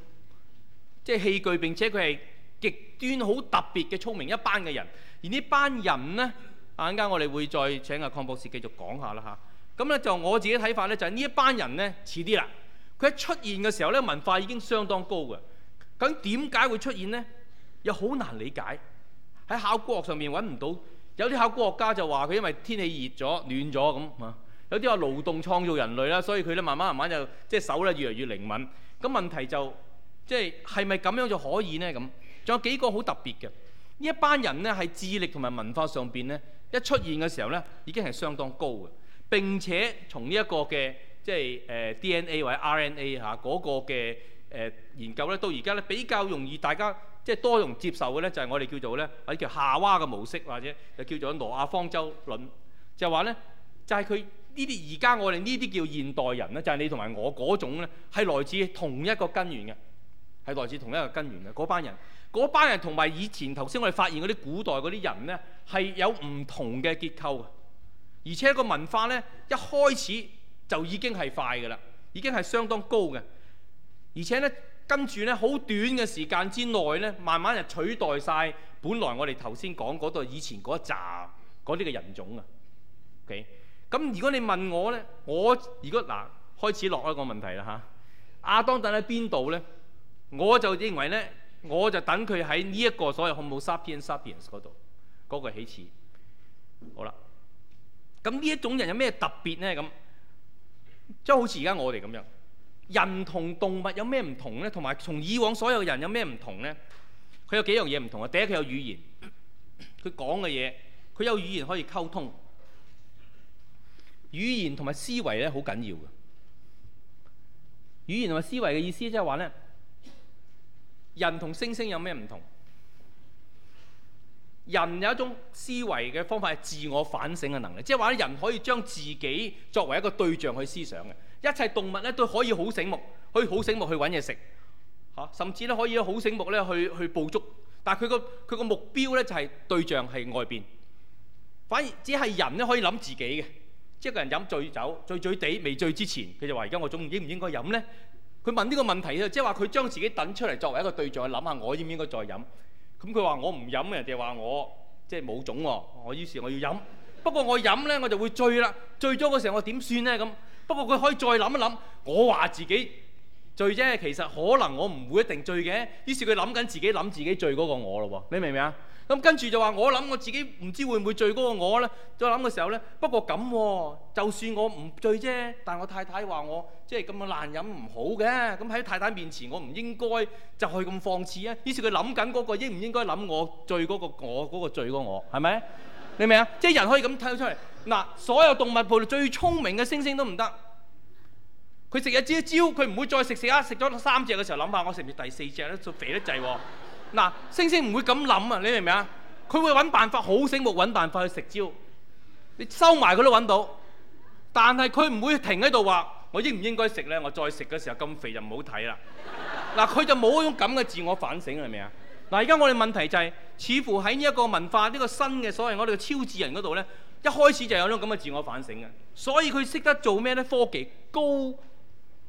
即係器具，並且佢係極端好特別嘅聰明一班嘅人。而這人呢班人咧，陣間我哋會再請阿康博士繼續講下啦吓，咁咧就我自己睇法咧，就係、是、呢一班人咧遲啲啦。佢一出現嘅時候咧，文化已經相當高嘅。咁點解會出現呢？又好難理解。喺考古學上面揾唔到，有啲考古學家就話佢因為天氣熱咗、暖咗咁啊，有啲話勞動創造人類啦，所以佢咧慢慢慢慢就即係手咧越嚟越靈敏。咁問題就即係係咪咁樣就可以呢？咁？仲有幾個好特別嘅呢一班人咧，喺智力同埋文化上面咧一出現嘅時候咧，已經係相當高嘅。並且從呢一個嘅即係誒 DNA 或者 RNA 吓嗰個嘅誒研究咧，到而家咧比較容易大家。即係多樣接受嘅咧，就係我哋叫做咧，或者叫夏娃嘅模式，或者就叫做挪亞方舟論，就係話咧，就係佢呢啲而家我哋呢啲叫現代人咧，就係、是、你同埋我嗰種咧，係來自同一個根源嘅，係來自同一個根源嘅嗰班人，嗰班人同埋以前頭先我哋發現嗰啲古代嗰啲人咧，係有唔同嘅結構的，而且個文化咧一開始就已經係快嘅啦，已經係相當高嘅，而且咧。跟住咧，好短嘅時間之內咧，慢慢就取代晒本來我哋頭先講嗰度以前嗰一紮嗰啲嘅人種啊。OK，咁如果你問我咧，我如果嗱、啊、開始落一個問題啦嚇，亞、啊、當等喺邊度咧？我就認為咧，我就等佢喺呢一個所謂 Homo sapiens sapiens 嗰度，嗰個起始。好啦，咁呢一種人有咩特別咧？咁即係好似而家我哋咁樣。人同動物有咩唔同呢？同埋從以往所有人有咩唔同呢？佢有幾樣嘢唔同啊？第一，佢有語言，佢講嘅嘢，佢有語言可以溝通。語言同埋思維咧，好緊要嘅。語言同埋思維嘅意思即係話咧，人同猩猩有咩唔同？人有一種思維嘅方法係自我反省嘅能力，即係話咧，人可以將自己作為一個對象去思想嘅。一切動物咧都可以好醒目，可以好醒目去揾嘢食，嚇，甚至咧可以好醒目咧去去捕捉。但係佢個佢個目標咧就係對象係外邊。反而只係人咧可以諗自己嘅，即係個人飲醉酒，醉醉地未醉之前，佢就話：而家我仲應唔應該飲咧？佢問呢個問題啊，即係話佢將自己掟出嚟作為一個對象去諗下，我應唔應該再飲？咁佢話我唔飲，人哋話我即係冇種喎。我於是我要飲，不過我飲咧我就會醉啦，醉咗嗰時候我點算咧咁？不過佢可以再諗一諗，我話自己醉啫，其實可能我唔會一定醉嘅。於是佢諗緊自己，諗自己醉嗰個我咯喎，你明唔明啊？咁跟住就話我諗我自己唔知會唔會醉嗰個我呢。再諗嘅時候呢，不過咁、啊，就算我唔醉啫，但我太太話我即係咁樣爛飲唔好嘅，咁喺太太面前我唔應該就去咁放肆啊。於是佢諗緊嗰個應唔應該諗我醉嗰個我嗰、嗰個醉嗰我係咪？ 你明唔明啊？即係人可以咁睇到出嚟嗱，所有動物部最聰明嘅猩猩都唔得，佢食一隻蕉，佢唔會再食食啊！食咗三隻嘅時候諗下，想想我食唔食第四隻咧？就肥得滯喎！嗱，猩猩唔會咁諗啊！你明唔明啊？佢會揾辦法好醒目揾辦法去食蕉。你收埋佢都揾到，但係佢唔會停喺度話我應唔應該食咧？我再食嘅時候咁肥就唔好睇啦！嗱，佢就冇嗰種咁嘅自我反省係咪啊？嗱，而家我哋問題就係，似乎喺呢一個文化呢個新嘅所謂我哋嘅超智人嗰度咧，一開始就有種咁嘅自我反省嘅，所以佢識得做咩咧？科技高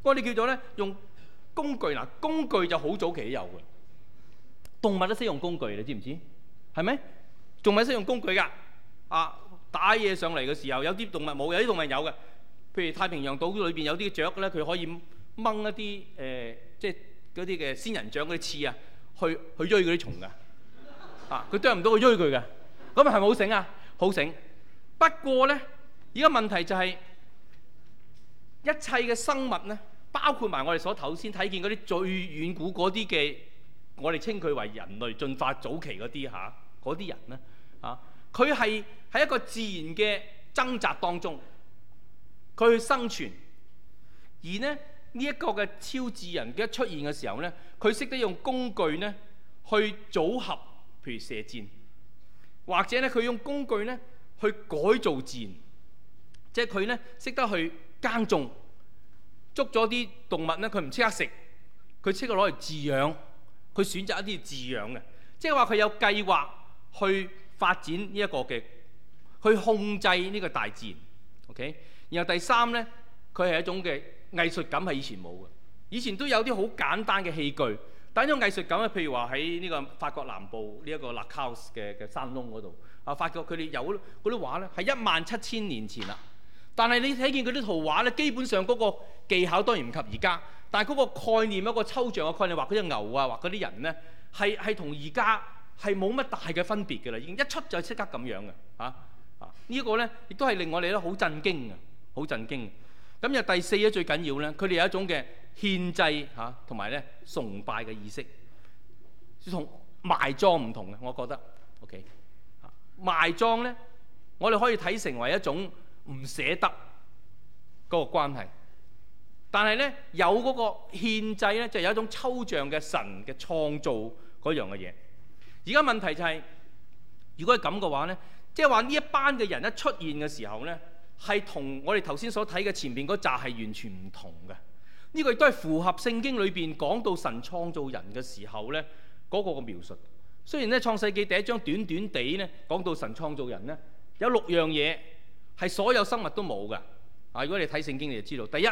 嗰啲叫做咧，用工具嗱，工具就好早期都有嘅，動物都識用工具，你知唔知？係咪？仲咪識用工具噶？啊，打嘢上嚟嘅時候，有啲動物冇，有啲動物有嘅，譬如太平洋島裏邊有啲雀咧，佢可以掹一啲誒，即係嗰啲嘅仙人掌嗰啲刺啊。去去追嗰啲蟲㗎，啊，啊！佢啄唔到，去追佢㗎，咁係咪好醒啊？好醒，啊。不過咧，而家問題就係、係、一切嘅生物咧，包括埋我哋所頭先睇見嗰啲最遠古嗰啲嘅，我哋稱佢為人類進化早期嗰啲嚇，嗰啲人咧，啊！佢係喺一個自然嘅掙扎當中，佢去生存，而呢。呢一個嘅超智人嘅出現嘅時候咧，佢識得用工具咧去組合，譬如射箭，或者咧佢用工具咧去改造自然，即係佢咧識得去耕種，捉咗啲動物咧佢唔即刻食，佢即刻攞嚟飼養，佢選擇一啲飼養嘅，即係話佢有計劃去發展呢一個嘅，去控制呢個大自然，OK？然後第三咧，佢係一種嘅。藝術感係以前冇嘅，以前都有啲好簡單嘅器具，但呢種藝術感咧，譬如話喺呢個法國南部呢一個 lodge house 嘅嘅山窿嗰度，啊法國佢哋有嗰啲畫咧，係一萬七千年前啦。但係你睇見佢啲圖畫咧，基本上嗰個技巧當然唔及而家，但係嗰個概念一個抽象嘅概念，畫嗰隻牛啊，畫嗰啲人咧，係係同而家係冇乜大嘅分別嘅啦，已經一出就即刻咁樣嘅，啊啊呢個咧亦都係令我哋咧好震驚嘅，好震驚。咁又第四咧，最緊要咧，佢哋有一種嘅獻祭嚇，同埋咧崇拜嘅意識，埋葬不同埋葬唔同嘅，我覺得。OK，嚇埋葬咧，我哋可以睇成為一種唔捨得嗰個關係，但係咧有嗰個獻祭咧，就是、有一種抽象嘅神嘅創造嗰樣嘅嘢。而家問題就係、是，如果係咁嘅話咧，即係話呢一班嘅人一出現嘅時候咧。係同我哋頭先所睇嘅前面嗰扎係完全唔同嘅。呢個亦都係符合聖經裏面講到神創造人嘅時候呢，嗰個嘅描述。雖然呢，創世記第一章短短地呢，講到神創造人呢，有六樣嘢係所有生物都冇嘅。啊，如果你睇聖經你就知道，第一，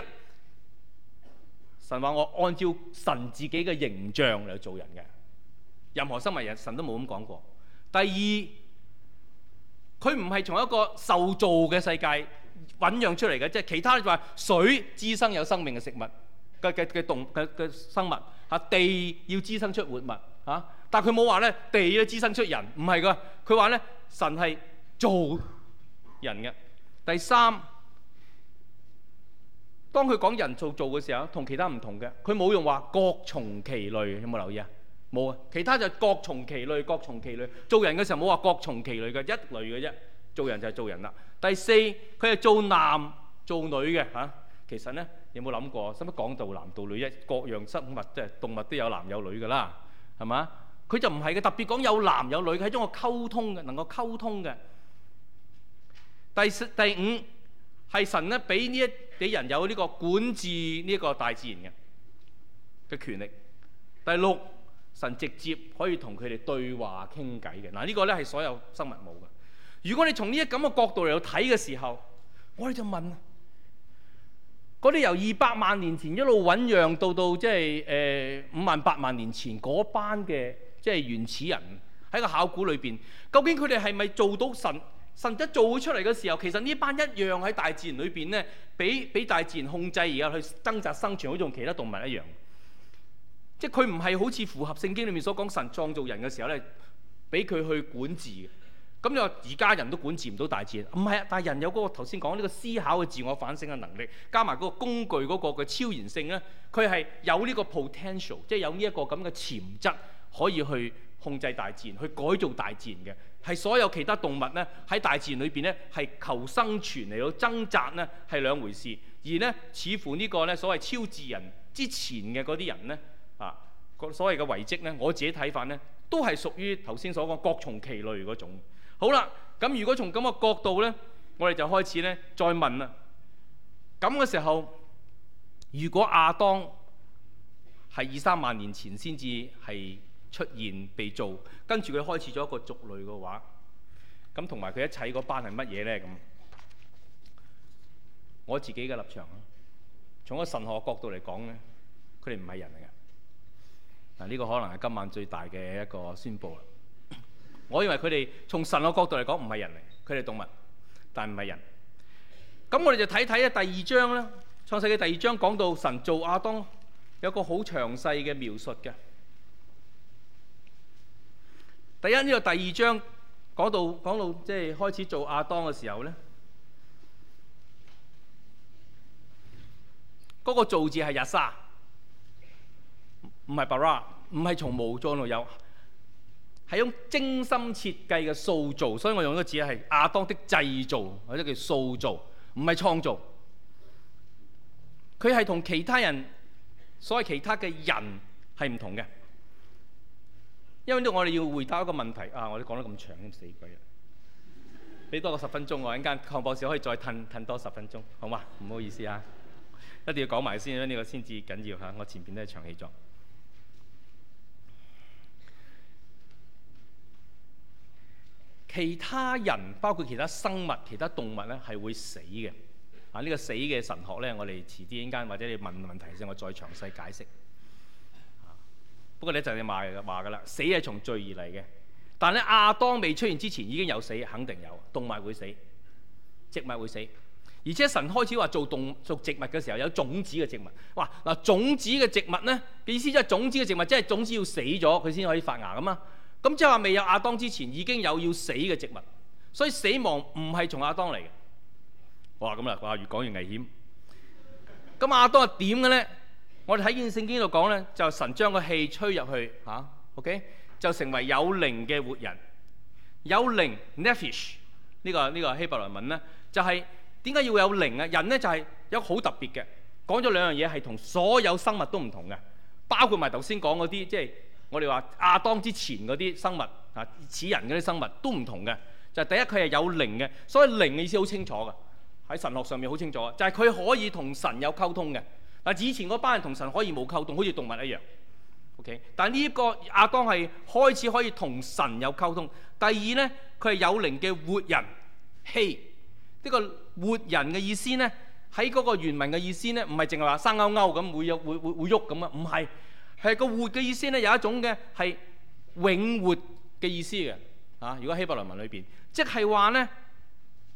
神話我按照神自己嘅形象嚟做人嘅，任何生物人神都冇咁講過。第二，佢唔係從一個受造嘅世界，醞釀出嚟嘅，即係其他就話水滋生有生命嘅食物，嘅嘅嘅動嘅嘅生物嚇地要滋生出活物嚇，但係佢冇話咧地咧滋生出人，唔係㗎。佢話咧神係造人嘅。第三，當佢講人造造嘅時候，同其他唔同嘅，佢冇用話各從其類，有冇留意啊？冇啊！其他就各從其類，各從其類，做人嘅時候冇話各從其類嘅一類嘅啫。做人就係做人啦。第四，佢係做男做女嘅嚇。其實呢，有冇諗過？使乜講到男到女一各樣生物，即係動物都有男有女噶啦，係嘛？佢就唔係嘅。特別講有男有女，係一種嘅溝通嘅，能夠溝通嘅。第四、第五係神呢俾呢一俾人有呢個管治呢個大自然嘅嘅權力。第六，神直接可以同佢哋對話傾偈嘅。嗱，呢個呢係所有生物冇嘅。如果你從呢一咁嘅角度嚟去睇嘅時候，我哋就問：嗰啲由二百萬年前一路醞釀到到即係誒五萬八萬年前嗰班嘅即係原始人喺個考古裏邊，究竟佢哋係咪做到神神一造佢出嚟嘅時候，其實呢班一樣喺大自然裏邊咧，俾俾大自然控制然後去掙扎生存，好似同其他動物一樣。即係佢唔係好似符合聖經裏面所講神創造人嘅時候咧，俾佢去管治嘅。咁就而家人都管治唔到大自然，唔係啊！但係人有嗰個頭先講呢個思考嘅自我反省嘅能力，加埋嗰個工具嗰個嘅超然性咧，佢係有呢個 potential，即係有呢一個咁嘅潛質可以去控制大自然、去改造大自然嘅。係所有其他動物咧喺大自然裏邊咧係求生存嚟到掙扎咧係兩回事，而咧似乎呢個咧所謂超自然之前嘅嗰啲人咧啊所謂嘅遺跡咧，我自己睇法咧都係屬於頭先所講各從其類嗰種。好啦，咁如果從咁個角度咧，我哋就開始咧再問啦。咁嘅時候，如果亞當係二三萬年前先至係出現被造，跟住佢開始咗一個族類嘅話，咁同埋佢一齊個班係乜嘢咧？咁我自己嘅立場啊，從我神學角度嚟講咧，佢哋唔係人嚟嘅。嗱、這、呢個可能係今晚最大嘅一個宣佈啦。我以為佢哋從神嘅角度嚟講唔係人嚟，佢哋動物，但唔係人。咁我哋就睇睇啊第二章啦，《創世記》第二章講到神做亞當有個好詳細嘅描述嘅。第一呢、呢個第二章講到講到即係開始做亞當嘅時候咧，嗰、嗰個造字係日沙，唔係巴拉，唔係從無造到有。係用精心設計嘅塑造，所以我用呢個字咧係亞當的製造或者叫塑造，唔係創造。佢係同其他人，所謂其他嘅人係唔同嘅。因為呢，我哋要回答一個問題啊！我哋講得咁長，咁死鬼啊，俾多個十分鐘我，陣間廣播室可以再褪褪多十分鐘，好嗎？唔好意思啊，一定要講埋先，呢、呢個先至緊要嚇。我前邊都係長氣狀。其他人包括其他生物、其他動物咧，係會死嘅。啊，呢、呢個死嘅神學咧，我哋遲啲陣間或者你問問題先，我再詳細解釋。啊、不過你一陣你話話嘅啦，死係從罪而嚟嘅。但係咧，亞當未出現之前已經有死，肯定有動物會死，植物會死。而且神開始話做動做植物嘅時候，有種子嘅植物。哇，嗱、啊、種子嘅植物咧，嘅意思即係種子嘅植物，即係種子要死咗，佢先可以發芽噶嘛。咁即係話未有亞當之前已經有要死嘅植物，所以死亡唔係從亞當嚟嘅。哇咁啦，哇越講越危險。咁亞當係點嘅咧？我哋喺聖經度講咧，就神將個氣吹入去嚇，啊，OK，就成為有靈嘅活人。有靈 nephesh 呢、呢個呢、呢個希伯來文咧，就係點解要有靈啊？人咧就係有一個好特別嘅，講咗兩樣嘢係同所有生物都唔同嘅，包括埋頭先講嗰啲即係。我哋話亞當之前嗰啲生物啊，似人嗰啲生物都唔同嘅，就係、係、第一佢係有靈嘅，所以靈嘅意思好清楚嘅，喺神學上面好清楚，就係、係、佢可以同神有溝通嘅。嗱，以前嗰班人同神可以冇溝通，好似動物一樣。OK，但呢個亞當係開始可以同神有溝通。第二咧，佢係有靈嘅活人，嘿呢、呢個活人嘅意思咧，喺嗰個原文嘅意思咧，唔係淨係話生勾勾咁會有會會會喐咁啊，唔係。係個活嘅意思咧，有一種嘅係永活嘅意思嘅嚇、啊。如果希伯來文裏邊，即係話咧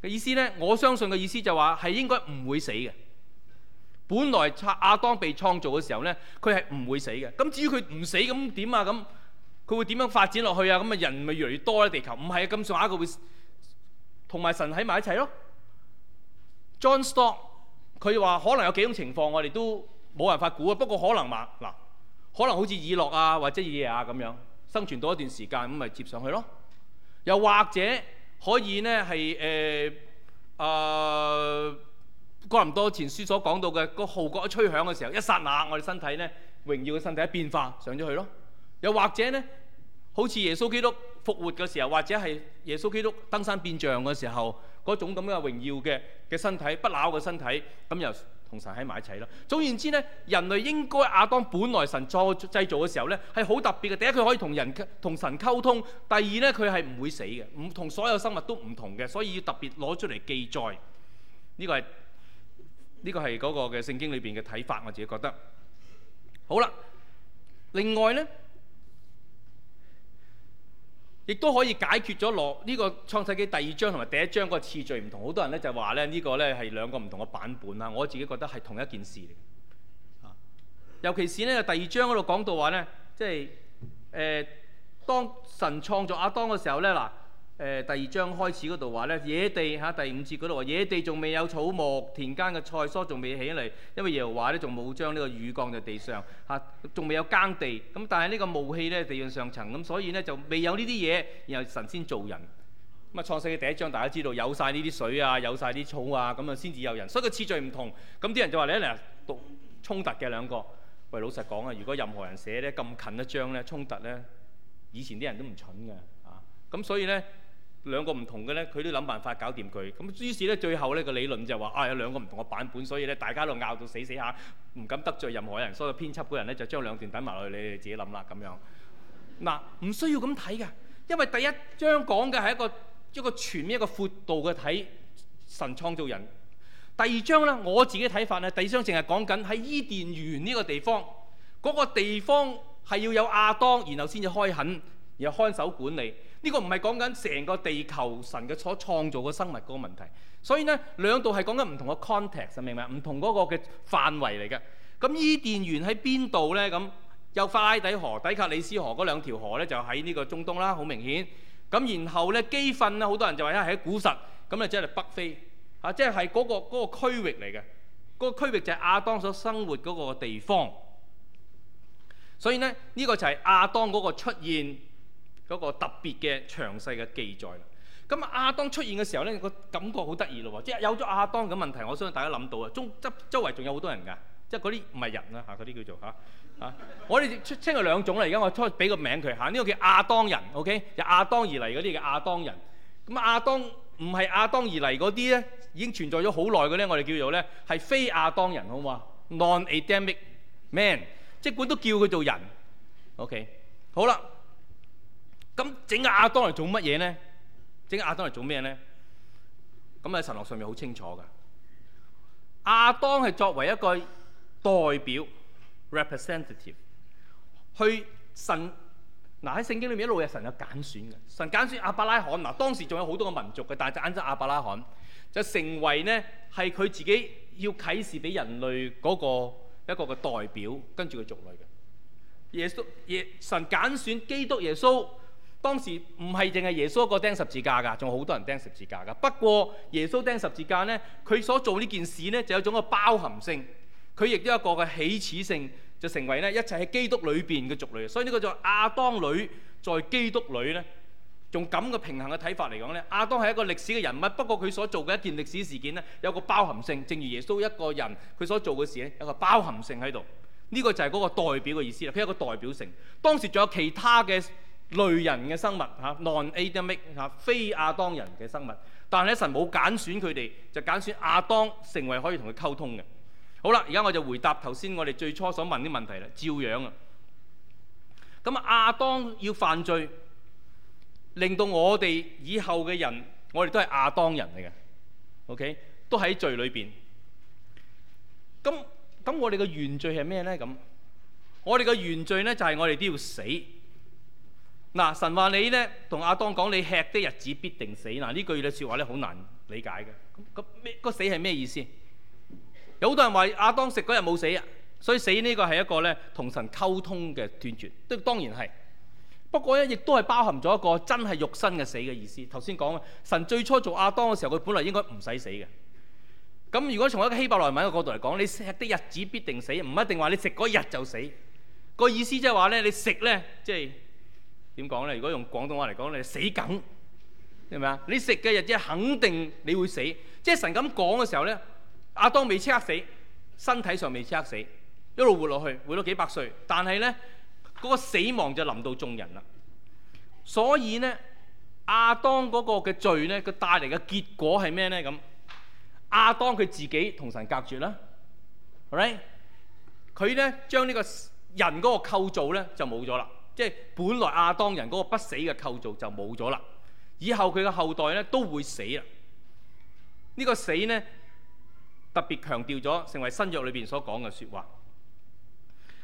嘅意思咧，我相信嘅意思就話係應該唔會死嘅。本來亞當被創造嘅時候咧，佢係唔會死嘅。咁至於佢唔死咁點啊，咁，佢會點樣發展落去啊？咁啊人咪越嚟越多咧、啊，地球唔係啊咁上下，佢、啊、會同埋神喺埋一齊咯。John Stock 佢話可能有幾種情況，我哋都冇辦法估嘅。不過可能嘛嗱。可能好似以諾啊或者以利亞咁、啊、樣生存多一段時間，咁咪接上去咯。又或者可以呢，係誒啊，哥、呃、林、呃、多前書所講到嘅個號角一吹響嘅時候，一剎那我哋身體呢，榮耀嘅身體一變化上咗去咯。又或者呢，好似耶穌基督復活嘅時候，或者係耶穌基督登山變像嘅時候，嗰種咁嘅榮耀嘅嘅身體，不朽嘅身體咁又。同神喺埋一齊咯。總言之咧，人類應該亞當本來神再製造嘅時候咧，係好特別嘅。第一，佢可以同人同神溝通；第二咧，佢係唔會死嘅，唔同所有生物都唔同嘅，所以要特別攞出嚟記載。呢個係呢個係嗰個嘅聖經裏邊嘅睇法，我自己覺得好啦。另外咧。亦都可以解決咗落呢個創世記第二章同埋第一章個次序唔同，好多人咧就話咧呢個咧係兩個唔同嘅版本啦。我自己覺得係同一件事嚟嘅，尤其是咧第二章嗰度講到話咧，即係誒、呃、當神創造亞當嘅時候咧嗱。誒第二章開始嗰度話咧，野地嚇，第五節嗰度話，野地仲未有草木，田間嘅菜蔬仲未起嚟，因為耶和華咧仲冇將呢個雨降在地上嚇，仲未有耕地，咁但係呢個霧氣咧地面上層，咁所以咧就未有呢啲嘢，然後神仙造人。咁啊創世嘅第一章大家知道有曬呢啲水啊，有曬啲草啊，咁啊先至有人，所以個次序唔同。咁啲人就話你一嚟讀衝突嘅兩個，喂老實講啊，如果任何人寫咧咁近一章咧衝突咧，以前啲人都唔蠢嘅啊，咁所以咧。兩個唔同嘅呢，佢都諗辦法搞掂佢。咁於是呢，最後呢個理論就話：啊，有兩個唔同嘅版本，所以呢，大家都拗到死死下，唔敢得罪任何人。所以編輯嗰人呢，就將兩段等埋落去，你哋自己諗啦咁樣。嗱，唔需要咁睇嘅，因為第一章講嘅係一個一個全面一個闊度嘅睇神創造人。第二章呢，我自己睇法呢，第二章淨係講緊喺伊甸園呢個地方，嗰個地方係要有亞當，然後先至開墾，然後看守管理。呢、這個唔係講緊成個地球神嘅所創造嘅生物嗰個問題，所以呢兩度係講緊唔同嘅 context，明唔明？唔同嗰個嘅範圍嚟嘅。咁伊甸園喺邊度呢？咁有法拉底河、底格里斯河嗰兩條河呢，就喺呢個中東啦，好明顯。咁然後呢，基訓呢，好多人就話咧喺古實，咁啊即係北非，嚇即係係嗰個區、那個、域嚟嘅。嗰、那個區域就係亞當所生活嗰個地方。所以呢，呢、這個就係亞當嗰個出現。嗰、嗰個特別嘅詳細嘅記載啦。咁啊，亞當出現嘅時候咧，個感覺好得意咯喎。即係有咗亞當嘅問題，我相信大家諗到啊。中周周圍仲有好多人㗎，即係嗰啲唔係人啊。嚇，嗰啲叫做嚇啊，啊。我哋分佢兩種啦，而家我初俾個名佢嚇，呢、啊呢個叫亞當人，OK，就亞當而嚟嗰啲嘅亞當人。咁亞當唔係亞當而嚟嗰啲咧，已經存在咗好耐嘅咧，我哋叫做咧係非亞當人，好嘛？Non-Adamic man，即管都叫佢做人，OK 好。好啦。咁整個亞當嚟做乜嘢咧？整個亞當嚟做咩咧？咁喺神學上面好清楚嘅。亞當係作為一個代表 （representative） 去神嗱喺、啊、聖經裏面，一路有神有揀選嘅神揀選亞伯拉罕嗱、啊，當時仲有好多個民族嘅，但係揀咗亞伯拉罕就成為呢，係佢自己要啟示俾人類嗰、那個一個嘅代表，跟住佢族類嘅耶穌耶神揀選基督耶穌。當時唔係淨係耶穌一個釘十字架㗎，仲好多人釘十字架㗎。不過耶穌釘十字架呢，佢所做呢件事呢，就有種個包含性，佢亦都有個嘅起始性，就成為呢一切喺基督裏邊嘅族類。所以呢個叫亞當女在基督裏呢，用咁嘅平衡嘅睇法嚟講呢，亞當係一個歷史嘅人物，不過佢所做嘅一件歷史事件呢，有個包含性，正如耶穌一個人佢所做嘅事呢，有個包含性喺度。呢、這個就係嗰個代表嘅意思啦，佢有一個代表性。當時仲有其他嘅。類人嘅生物嚇，non-adamic 嚇，非亞當人嘅生物。但係神冇揀選佢哋，就揀選亞當成為可以同佢溝通嘅。好啦，而家我就回答頭先我哋最初所問啲問題啦，照樣啊。咁亞當要犯罪，令到我哋以後嘅人，我哋都係亞當人嚟嘅。OK，都喺罪裏邊。咁咁，我哋嘅原罪係咩咧？咁我哋嘅原罪咧，就係我哋都要死。嗱、啊，神話你呢，同阿當講、啊：你吃的日子必定死。嗱，呢句呢説話呢好難理解嘅。咁咁個死係咩意思？有好多人話阿當食嗰日冇死啊，所以死呢個係一個呢同神溝通嘅斷絕，都當然係。不過呢，亦都係包含咗一個真係肉身嘅死嘅意思。頭先講神最初做阿當嘅時候，佢本來應該唔使死嘅。咁如果從一個希伯來文嘅角度嚟講，你吃的日子必定死，唔一定話你食嗰日就死。個意思即係話呢，你食呢，即係。點講咧？如果用廣東話嚟講你死梗係咪啊？你食嘅日子肯定你會死。即係神咁講嘅時候咧，亞當未即刻死，身體上未即刻死，一路活落去，活到幾百歲。但係咧，嗰個死亡就臨到眾人啦。所以咧，亞當嗰個嘅罪咧，佢帶嚟嘅結果係咩咧？咁亞當佢自己同神隔絕啦，right？佢咧將呢個人嗰個構造咧就冇咗啦。即係本來亞當人嗰個不死嘅構造就冇咗啦。以後佢嘅後代咧都會死啦。呢個死咧特別強調咗，成為新約裏邊所講嘅説話。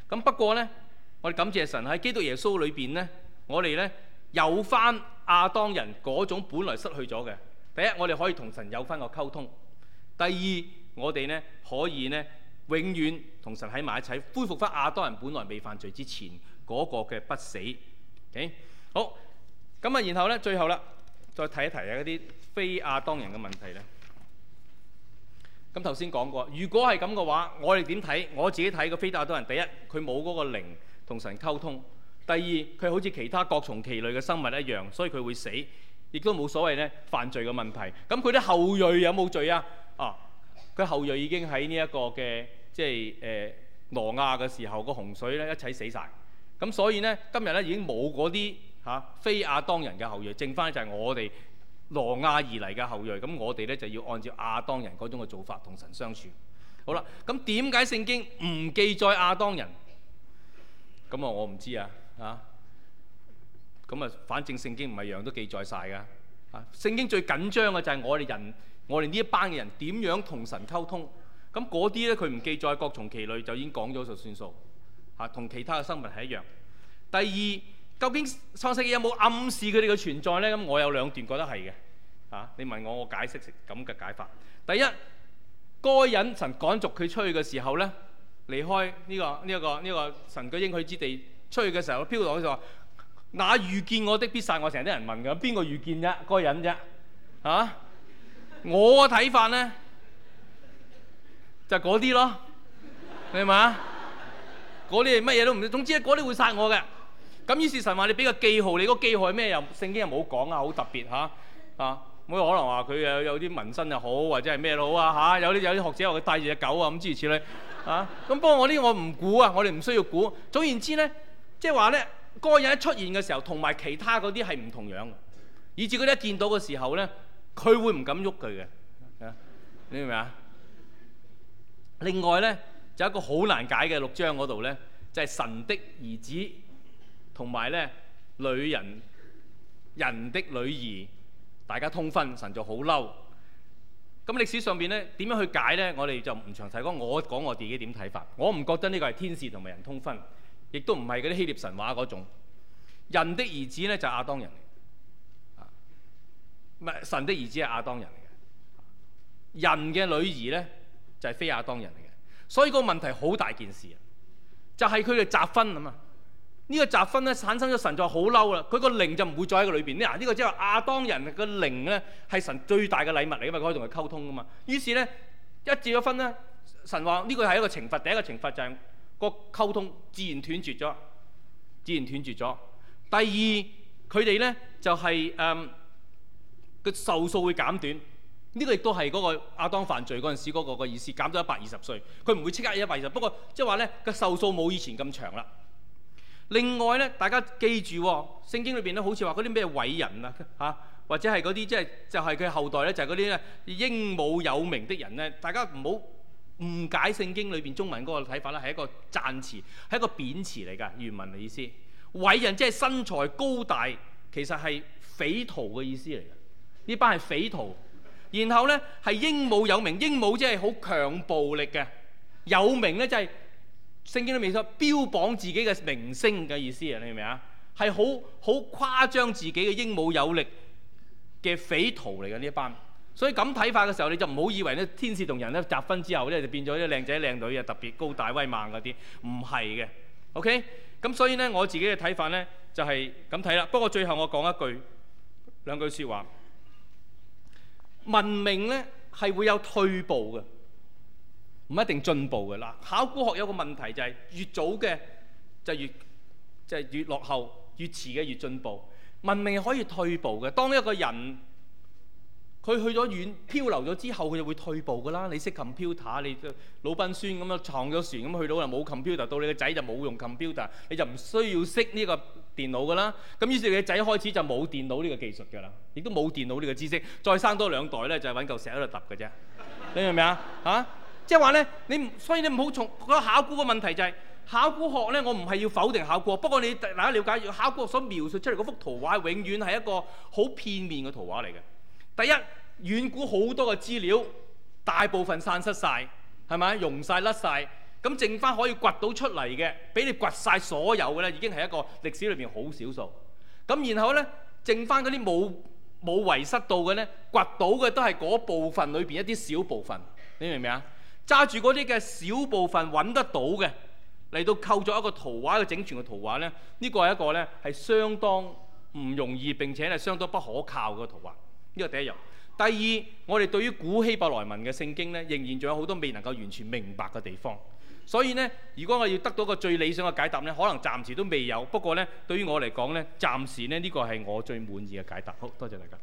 咁不過咧，我哋感謝神喺基督耶穌裏邊咧，我哋咧有翻亞當人嗰種本來失去咗嘅。第一，我哋可以同神有翻個溝通；第二，我哋咧可以咧永遠同神喺埋一齊，恢復翻亞當人本來未犯罪之前，嗰個嘅不死，OK 好咁啊。然後咧，最後啦，再睇一睇啊，嗰啲非亞當人嘅問題咧。咁頭先講過，如果係咁嘅話，我哋點睇？我自己睇個非亞當人，第一佢冇嗰個靈同神溝通；第二佢好似其他各從其類嘅生物一樣，所以佢會死，亦都冇所謂咧犯罪嘅問題。咁佢啲後裔有冇罪啊？啊，佢後裔已經喺呢一個嘅即係誒挪亞嘅時候個洪水咧一齊死曬。咁所以呢，今日呢已經冇嗰啲嚇非亞當人嘅後裔，剩翻就係我哋羅亞而嚟嘅後裔。咁我哋呢，就要按照亞當人嗰種嘅做法同神相處。好啦，咁點解聖經唔記載亞當人？咁啊，我唔知啊，啊，咁啊，反正聖經唔係樣樣都記載晒㗎。啊，聖經最緊張嘅就係我哋人，我哋呢一班嘅人點樣同神溝通？咁嗰啲呢，佢唔記載，各從其類就已經講咗就算數。啊，同其他嘅生物係一樣。第二，究竟創世記有冇暗示佢哋嘅存在咧？咁我有兩段覺得係嘅。啊，你問我，我解釋成咁嘅解法。第一，該隱神趕逐佢出去嘅時候咧，離開呢、呢個呢一、呢個呢、呢個神嘅應許之地出去嘅時候，飄落去就話：那遇見我的必殺我，成日啲人問㗎，邊個遇見啫？該隱啫？嚇、啊？我嘅睇法咧，就嗰、係、啲咯，你明嘛？ 嗰啲係乜嘢都唔知。總之咧嗰啲會殺我嘅。咁於是神話你俾個記號，你個記號係咩？又聖經又冇講啊，好特別嚇啊！冇可能話佢又有啲紋身又好，或者係咩好啊嚇？有啲有啲學者話佢帶住隻狗之啊，咁諸如此類啊。咁不過那我,不我不呢，我唔估啊，我哋唔需要估。總言之咧，即係話咧，嗰個人一出現嘅時候，同埋其他嗰啲係唔同樣嘅。以至佢啲一見到嘅時候咧，佢會唔敢喐佢嘅。你明唔明啊？另外咧。有一個好難解嘅六章嗰度呢，就係神的兒子同埋呢女人人的女兒，大家通婚，神就好嬲。咁歷史上邊呢點樣去解呢？我哋就唔詳細講。我講我自己點睇法，我唔覺得呢個係天使同埋人通婚，亦都唔係嗰啲希臘神話嗰種人的兒子呢就係亞當人嚟嘅，神的兒子係亞當人嚟嘅。人嘅女兒呢，就係非亞當人嚟嘅。所以個問題好大件事啊，就係佢哋雜婚咁嘛。這個、雜呢個雜婚咧產生咗神就好嬲啦，佢個靈就唔會再喺、這個裏邊。呢啊呢個即係亞當人個靈咧係神最大嘅禮物嚟，因為佢可以同佢溝通噶嘛。於是咧一結咗婚咧，神話呢個係一個懲罰，第一個懲罰就係個溝通自然斷絕咗，自然斷絕咗。第二佢哋咧就係誒個壽數會減短。呢、這個亦都係嗰個亞當犯罪嗰陣時嗰個意思，減咗一百二十歲。佢唔會即刻一百二十，不過即係話咧，個壽數冇以前咁長啦。另外咧，大家記住聖、哦、經裏邊咧，好似話嗰啲咩偉人啊嚇，或者係嗰啲即係就係佢後代咧，就係嗰啲咧英武有名的人咧。大家唔好誤解聖經裏邊中文嗰個睇法啦，係一個讚詞，係一個貶詞嚟㗎，原文嘅意思。偉人即係身材高大，其實係匪徒嘅意思嚟嘅。呢班係匪徒。然後呢，係英武有名，英武即係好強暴力嘅有名呢就係、是、聖經都未所標榜自己嘅明星嘅意思啊，你明唔明啊？係好好誇張自己嘅英武有力嘅匪徒嚟嘅呢一班，所以咁睇法嘅時候你就唔好以為呢天使同人呢雜婚之後呢，就變咗啲靚仔靚女啊特別高大威猛嗰啲，唔係嘅，OK？咁所以呢，我自己嘅睇法呢，就係咁睇啦。不過最後我講一句兩句説話。文明呢係會有退步嘅，唔一定進步嘅。考古學有個問題就係、是、越早嘅就越就越落後，越遲嘅越進步。文明可以退步嘅，當一個人。佢去咗院，漂流咗之後，佢就會退步噶啦。你識 computer，你老笨孫咁樣，撞咗船咁去到啦，冇 computer，到你個仔就冇用 computer，你就唔需要識呢個電腦噶啦。咁於是你個仔開始就冇電腦呢個技術噶啦，亦都冇電腦呢個知識。再生多兩代咧，就係揾嚿石喺度揼嘅啫。你明唔明 啊？嚇！即係話咧，你所以你唔好從個考古嘅問題就係、是、考古學咧，我唔係要否定考古，不過你大家了解考古學所描述出嚟嗰幅圖畫，永遠係一個好片面嘅圖畫嚟嘅。第一，遠古好多嘅資料，大部分散失晒，係咪溶晒、甩晒，咁？剩翻可以掘到出嚟嘅，俾你掘晒所有嘅咧，已經係一個歷史裏邊好少數。咁然後咧，剩翻嗰啲冇冇遺失到嘅咧，掘到嘅都係嗰部分裏邊一啲小部分。你明唔明啊？揸住嗰啲嘅小部分揾得到嘅嚟到構作一個圖畫嘅整全嘅圖畫咧，呢個係一個咧係相當唔容易並且係相當不可靠嘅圖畫。呢個第一樣。第二，我哋對於古希伯來文嘅聖經呢，仍然仲有好多未能夠完全明白嘅地方。所以呢，如果我要得到個最理想嘅解答呢，可能暫時都未有。不過呢，對於我嚟講呢，暫時呢，呢個係我最滿意嘅解答。好，多謝大家。